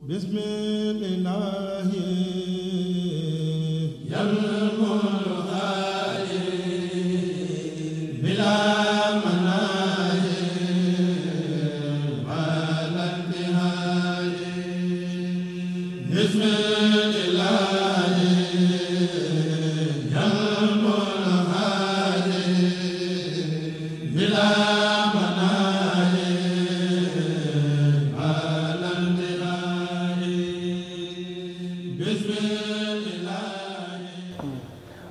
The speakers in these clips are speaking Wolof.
Bismillah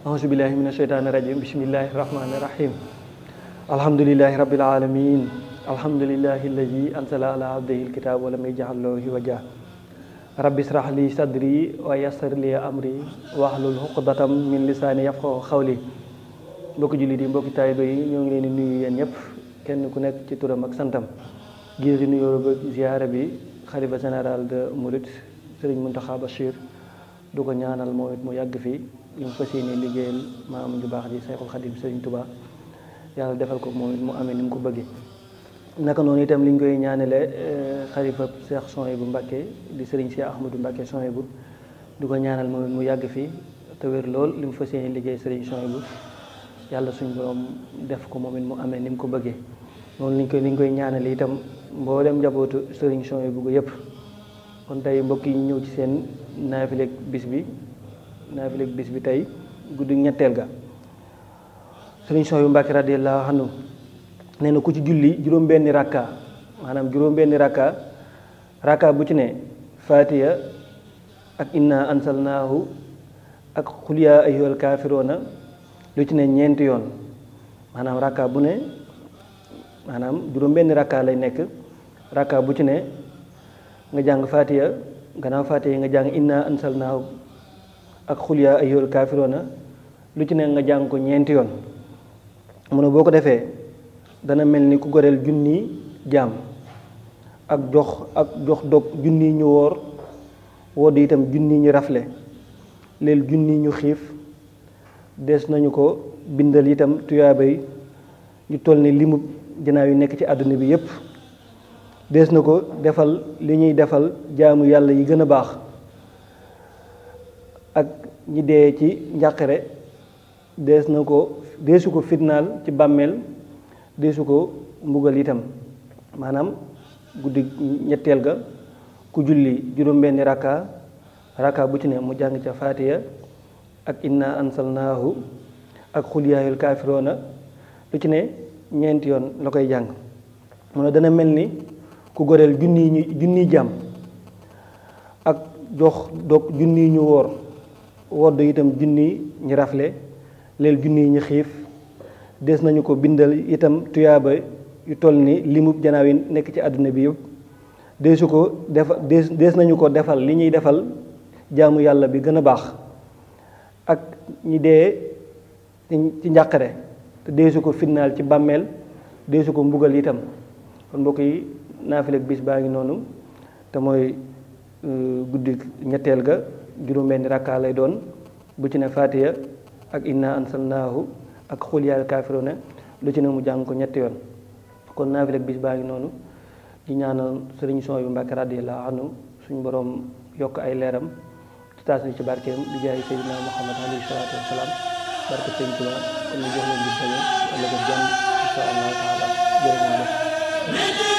أعوذ بالله من الشيطان الرجيم بسم الله الرحمن الرحيم الحمد لله رب العالمين الحمد لله الذي أنزل على عبده الكتاب ولم يجعل له وجا رب اشرح لي صدري ويسر لي أمري واحلل عقدة من لساني يفقهوا قولي mbokk جولي دي mbokki taalibe yi ñoo لي leen di ييب كين كو نيك ku nekk اك سانتام ak نيو ngir di nuyoo ba ziyaara bi xalifa général de Mouride du ko ñaanal moom it mu yàgg fii li mu fas yéene liggéeyal maam ju baax ji Seexul Xadim Sëriñ Tuubaa yàlla defal ko moom it mu amee ni mu ko bëggee naka noonu itam li ñu koy ñaanale eh, xalifa Seex Suhaybu Mbàkke di Sëriñ Seex Ahmadu Mbàkke Suhaybu du ko ñaanal moom mu yàgg fii te wér lool li mu fas yéene liggéey Sëriñ yàlla suñ borom def ko moom it mu amee ni mu ko bëggee noonu liñ koy liñ koy ñaanale itam mboolem njabootu Sëriñ Suhaybu bu yëpp kon tey mbokk yi ñëw ci seen naafileeg bis bi naafileeg bis bi tey guddi ñetteel ga sëriñ Sooyu Mbàkke radiyallaahu anhu nee na ku ci julli juróom-benni rakka maanaam juróom-benni rakka rakka bu ci ne faatiya ak inna ansalnaahu ak xul yaa ayyuhal kaafiroona lu ci ne ñeenti yoon maanaam rakka bu ne maanaam juróom-benni lay nekk rakka bu ci ne nga jàng fatiha gannaaw fatiha nga jàng inna ansalnaahu ak xul yaa ayyuhal kaafiruuna lu ci ne nga jàng ko ñeenti yoon mu ne boo ko defee dana mel ni ku goreel junni jaam ak jox ak jox dog junni ñu woor wodd itam junni ñu rafle leel junni ñu xiif des nañu ko bindal itam tuyaabay ñu toll ni limu janaaw yu nekk ci àdduna bi yépp des na ko defal li ñuy defal jaamu yàlla yi gën a baax ak ñi dee ci njàqare dees na ko deesu ko fitnaal ci bàmmeel deesu ko mbugal itam maanaam guddi ñetteel ga ku julli juróom-benni rakka rakka bu ci ne mu jàng ca faatiya ak inna ansalnaahu ak xulyaayul kaafiroona lu ci ne ñeent yoon la koy jàng mu ne dana mel ni ku goreel junni ñu junni jàmm ak jox dog junni ñu woor wodd itam junni ñi rafle leel junni ñu xiif des nañu ko bindal itam tuyaaba yu toll ni limub janaaw yi nekk ci àdduna bi yëpp deesu ko defa dees dees nañu ko defal li ñuy defal jaamu yàlla bi gën a baax ak ñi dee ci njàqare te deesu ko fitnaal ci bàmmeel deesu ko mbugal itam kon mbokk naafileeg bis baa ngi noonu te mooy euh, guddi ñetteel ga juróom-benni rakkaa lay doon bu ci ne fatiya ak inna ansalnaahu ak xul yaal lu ci ne mu jàng ko ñetti yoon kon naafileeg bis baa ngi noonu di ñaanal sëriñ son bi Mbàkke yokk ay leeram ci taas ci barkeem di jaay Seydina Muhammad alayhi salaatu wa salaam barke sëñ Tuubaa kon ñu jox leen di sëñ ëllëg ak jàmm allah taala jërë ngeen jëf